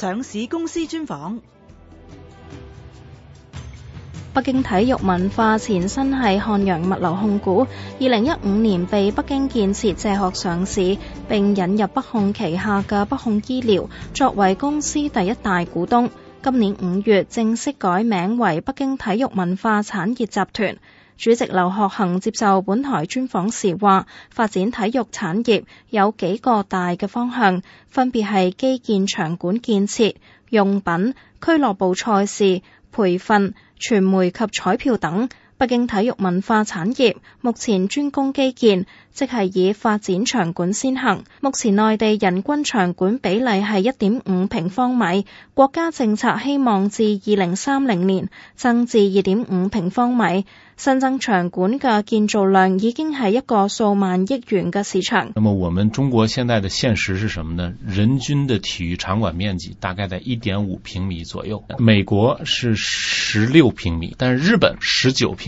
上市公司專訪：北京體育文化前身係瀚洋物流控股，二零一五年被北京建設借殼上市，並引入北控旗下嘅北控醫療作為公司第一大股東。今年五月正式改名為北京體育文化產業集團。主席劉學恒接受本台專訪時話，發展體育產業有幾個大嘅方向，分別係基建、場館建設、用品、俱樂部賽事、培訓、傳媒及彩票等。北京體育文化產業目前專攻基建，即係以發展場館先行。目前內地人均場館比例係一點五平方米，國家政策希望至二零三零年增至二點五平方米。新增場館嘅建造量已經係一個數萬億元嘅市場。那麼我們中國現在的現實是什麼呢？人均的體育場館面積大概在一點五平米左右，美國是十六平米，但日本十九平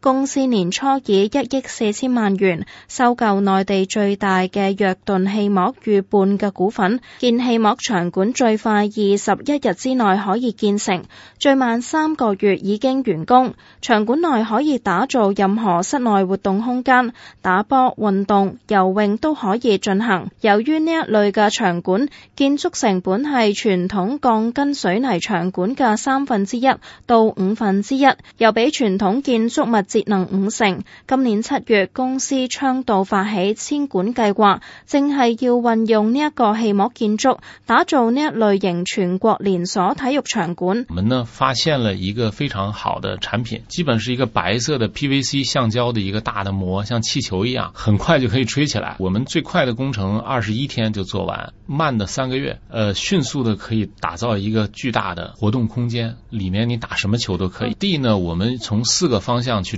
公司年初以一億四千萬元收購內地最大嘅約頓氣膜逾半嘅股份，建氣膜場館最快二十一日之內可以建成，最慢三個月已經完工。場館內可以打造任何室內活動空間，打波、運動、游泳都可以進行。由於呢一類嘅場館建築成本係傳統鋼筋水泥場館嘅三分之一到五分之一，又比傳統建築物。節能五成，今年七月公司倡導發起千館計劃，正係要運用呢一個氣膜建築打造呢一類型全國連鎖體育場館。我們呢發現了一個非常好的產品，基本是一個白色的 PVC 橡膠的一個大的膜，像氣球一樣，很快就可以吹起來。我們最快的工程二十一天就做完，慢的三個月，呃，迅速的可以打造一個巨大的活動空間，裏面你打什麼球都可以。嗯、地呢，我們從四個方向去。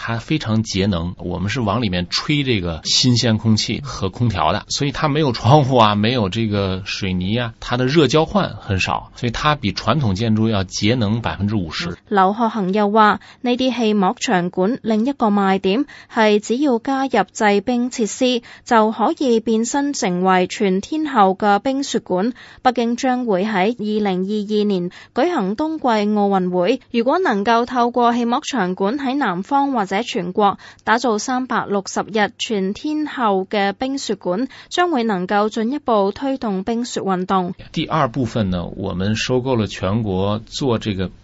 它非常節能，我們是往裏面吹這個新鮮空氣和空調的，所以它沒有窗戶啊，沒有這個水泥啊，它的熱交換很少，所以它比傳統建築要節能百分之五十。劉學恒又話，呢啲氣膜場館另一個賣點係只要加入製冰設施，就可以變身成為全天候嘅冰雪館。北京將會喺二零二二年舉行冬季奧運會，如果能夠透過氣膜場館喺南方或或者全國打造三百六十日全天候嘅冰雪館，將會能夠進一步推動冰雪運動。第二部分呢，我們收購了全國做這個。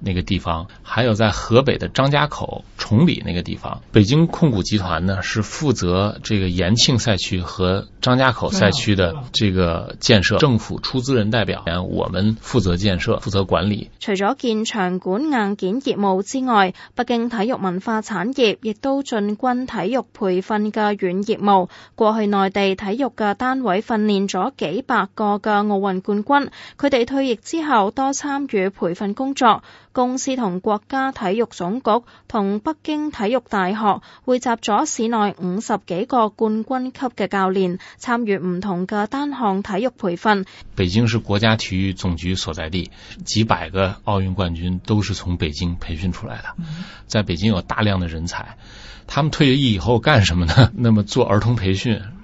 那個地方，還有在河北的張家口崇禮那個地方。北京控股集團呢，是負責這個延慶賽區和張家口賽區的這個建設，政府出資人代表，我們負責建設，負責管理。除咗建場館硬件業務之外，北京體育文化產業亦都進軍體育培訓嘅軟業務。過去內地體育嘅單位訓練咗幾百個嘅奧運冠軍，佢哋退役之後多參與培訓工作。公司同國家體育總局同北京體育大學匯集咗市內五十幾個冠軍級嘅教練，參與唔同嘅單項體育培訓。北京是國家體育總局所在地，幾百個奧運冠軍都是從北京培訓出來的，在北京有大量的人才。他們退役以後幹什麼呢？那麼做兒童培訓。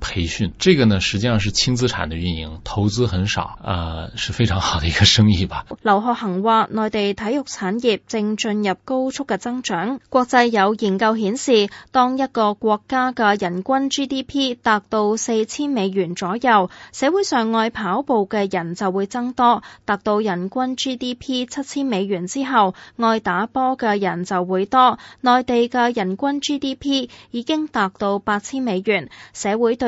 培訓這個呢，實際上是輕資產的運營，投資很少，呃，是非常好的一個生意吧。劉學恆話，內地體育產業正進入高速嘅增長。國際有研究顯示，當一個國家嘅人均 GDP 達到四千美元左右，社會上愛跑步嘅人就會增多；達到人均 GDP 七千美元之後，愛打波嘅人就會多。內地嘅人均 GDP 已經達到八千美元，社會對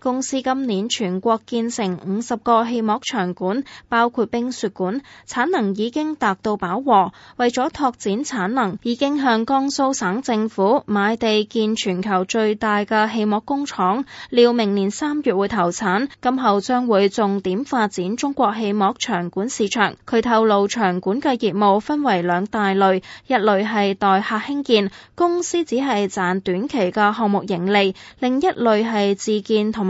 公司今年全國建成五十個氣膜場館，包括冰雪館，產能已經達到飽和。為咗拓展產能，已經向江蘇省政府買地建全球最大嘅氣膜工廠，料明年三月會投產。今後將會重點發展中國氣膜場館市場。佢透露，場館嘅業務分為兩大類，一類係代客興建，公司只係賺短期嘅項目盈利；另一類係自建同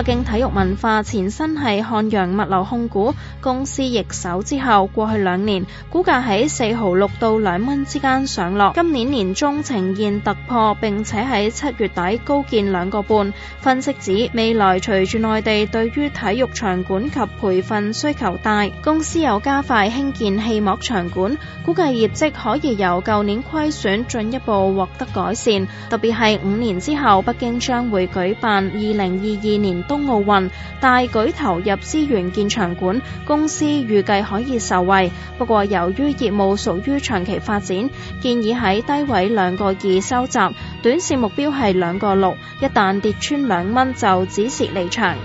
北京體育文化前身係瀚洋物流控股，公司易手之後，過去兩年股價喺四毫六到兩蚊之間上落，今年年中呈現突破並且喺七月底高見兩個半。分析指未來隨住內地對於體育場館及培訓需求大，公司有加快興建氣膜場館，估計業績可以由舊年虧損進一步獲得改善，特別係五年之後北京將會舉辦二零二二年。東奧運大舉投入資源建場館，公司預計可以受惠。不過由於業務屬於長期發展，建議喺低位兩個二收集，短線目標係兩個六。一旦跌穿兩蚊，就止蝕離場。